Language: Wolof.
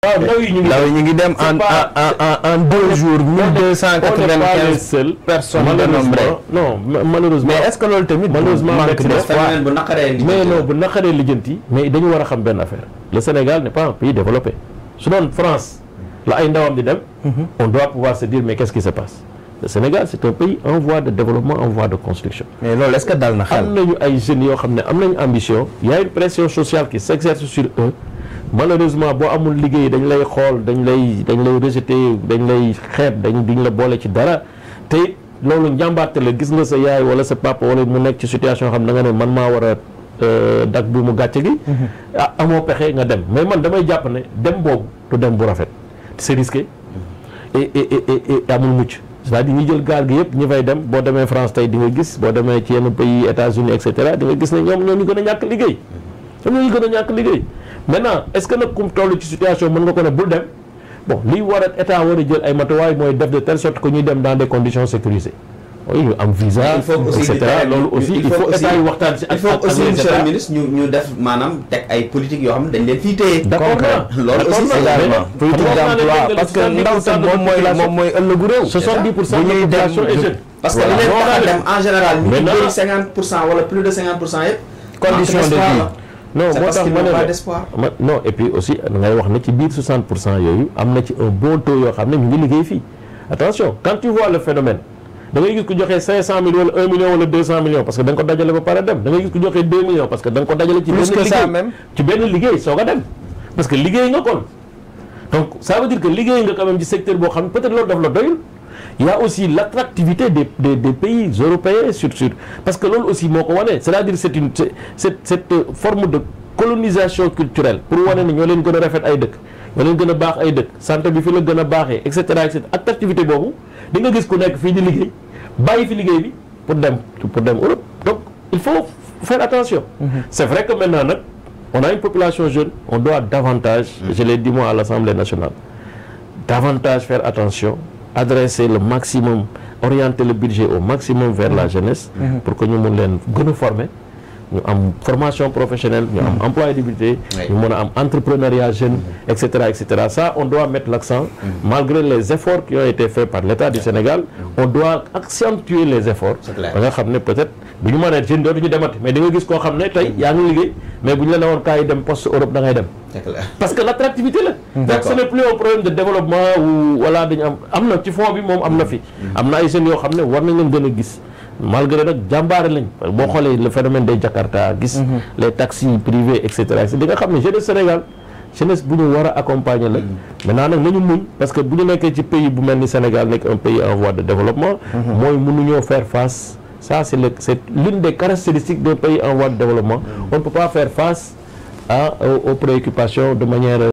ngi en en en deux jours mille deux personnes non malheureusement mais est-ce que loolu tamit malheureusement manque d'espoir mais non bu mais il y a xam bonne affaire le Sénégal n'est pas un pays développé Selon la France la ay ndawam di dem mhm. on doit pouvoir se dire mais qu'est-ce qui se passe le Sénégal c'est un pays en voie de développement en voie de construction mais non, est-ce que dans le xel ay ambition il y a une pression sociale qui s'exerce sur eux malheureusement boo amul liggéey dañ lay xool dañ lay dañ lay rejeté dañ lay xeet dañ duñ la boole ci dara tey it loolu njàmbaarte la gis nga sa yaay wala sa papa wala mu nekk ci situation xam da nga ne man maa war a euh, dag bu mu gàcce gi mhm. ah amoo pexe nga dem mais man damay jàpp ne dem boobu du dem bu rafet c'est risqué mhm. et et amul mucc cest à ñi jël gaal gi yëpp ñi fay dem boo demee France tey di gis boo demee ci yenn pays États-Unis et cetera di nga gis ne ñoom ñoo ñu gën a ñàkk liggéey mhm. ñoom ñoo ñu gën a ñàkk liggéey maintenant est ce que nag kum toll ci situation mën nga ko ne bul dem bon liy war a état war a jël ay matuwaay mooy def de telle sorte que ñuy dem dans des conditions sécurisées oui ñu am visa et cetera loolu aussi il faut état yi waxtaan si ak il faut aussi monsieur le ministre ñu ñu def maanaam teg ay politique yoo xam ne dañ leen fii téye d'accord loolu aussi c'est politique d'emploi parce que ndaw tam moom mooy moom ëllëgu réew 70 de la population est jeune parce que les gens dem en général ñu 50 pour cent wala plus de 50 pour condition de vie non parce qu'ils ma pas d'espoir non et puis aussi on a ne ci 60 pour eu un bon taux il y ne ñu ngi liggéey attention quand tu vois le phénomène da ngay gis ko 500 millions 1 million wala 200 millions parce que da nga ko de ba paradigme, dem da ngay gis 2 millions parce que da nga ko que ci même. Tu ci nous liggéey soog a dem. parce que liggéey nga kon donc ça veut dire que liggéey nga quand même ci secteur boo peut-être loolu de la doyul il y a aussi l'attractivité des, des, des, pays européens sur, sur parce que l'on aussi moo ko c'est-à-dire c'est une cette forme de colonisation culturelle pour wane ni ñoo leen gën rafet ay dëkk ñoo leen gëna a baax ay dëkk santé bi fi la gëna a et cetera et cetera attractivité bobu di nga gis ku nekk fii di liggéey bàyyi fi liggéey bi pour dem pour dem Europe donc il faut faire attention mm-hmm. c'est vrai que maintenant nag on a une population jeune on doit davantage mm-hmm. je l'ai dit moi à l'Assemblée nationale davantage faire attention adresser le maximum orienter le budget au maximum vers la jeunesse mhm. pour que nous nous formions ñu am formation professionnelle emploi am hmm. employabilité ñu entrepreneuriat jeune hmm. et cetera ça on doit mettre l'accent hmm. malgré les efforts qui ont été faits par l'État du Sénégal on doit accentuer les efforts clair nga xam peut-être bu ñu mënee jeune dootuñu mais da nga gis koo xam ne tey yaa ngi mais bu la ne woon dem poste Europe da parce que l'attractivité là, donc ce n'est plus un problème de développement ou voilà dañu am am na ci fond bi moom am na fi am na ay jeunes yoo xam malgré le le phénomène de Jakarta mhm. les taxis privés etc c'est di nga xam de Sénégal je ne ñu pas accompagner la mhm. maintenant nak parce que vous n'avez ci pays bu melni Sénégal nek un pays en voie de développement mhm. mooy pas faire face ça c'est l'une des caractéristiques des pays en voie de développement on ne peut pas faire face aux préoccupations de manière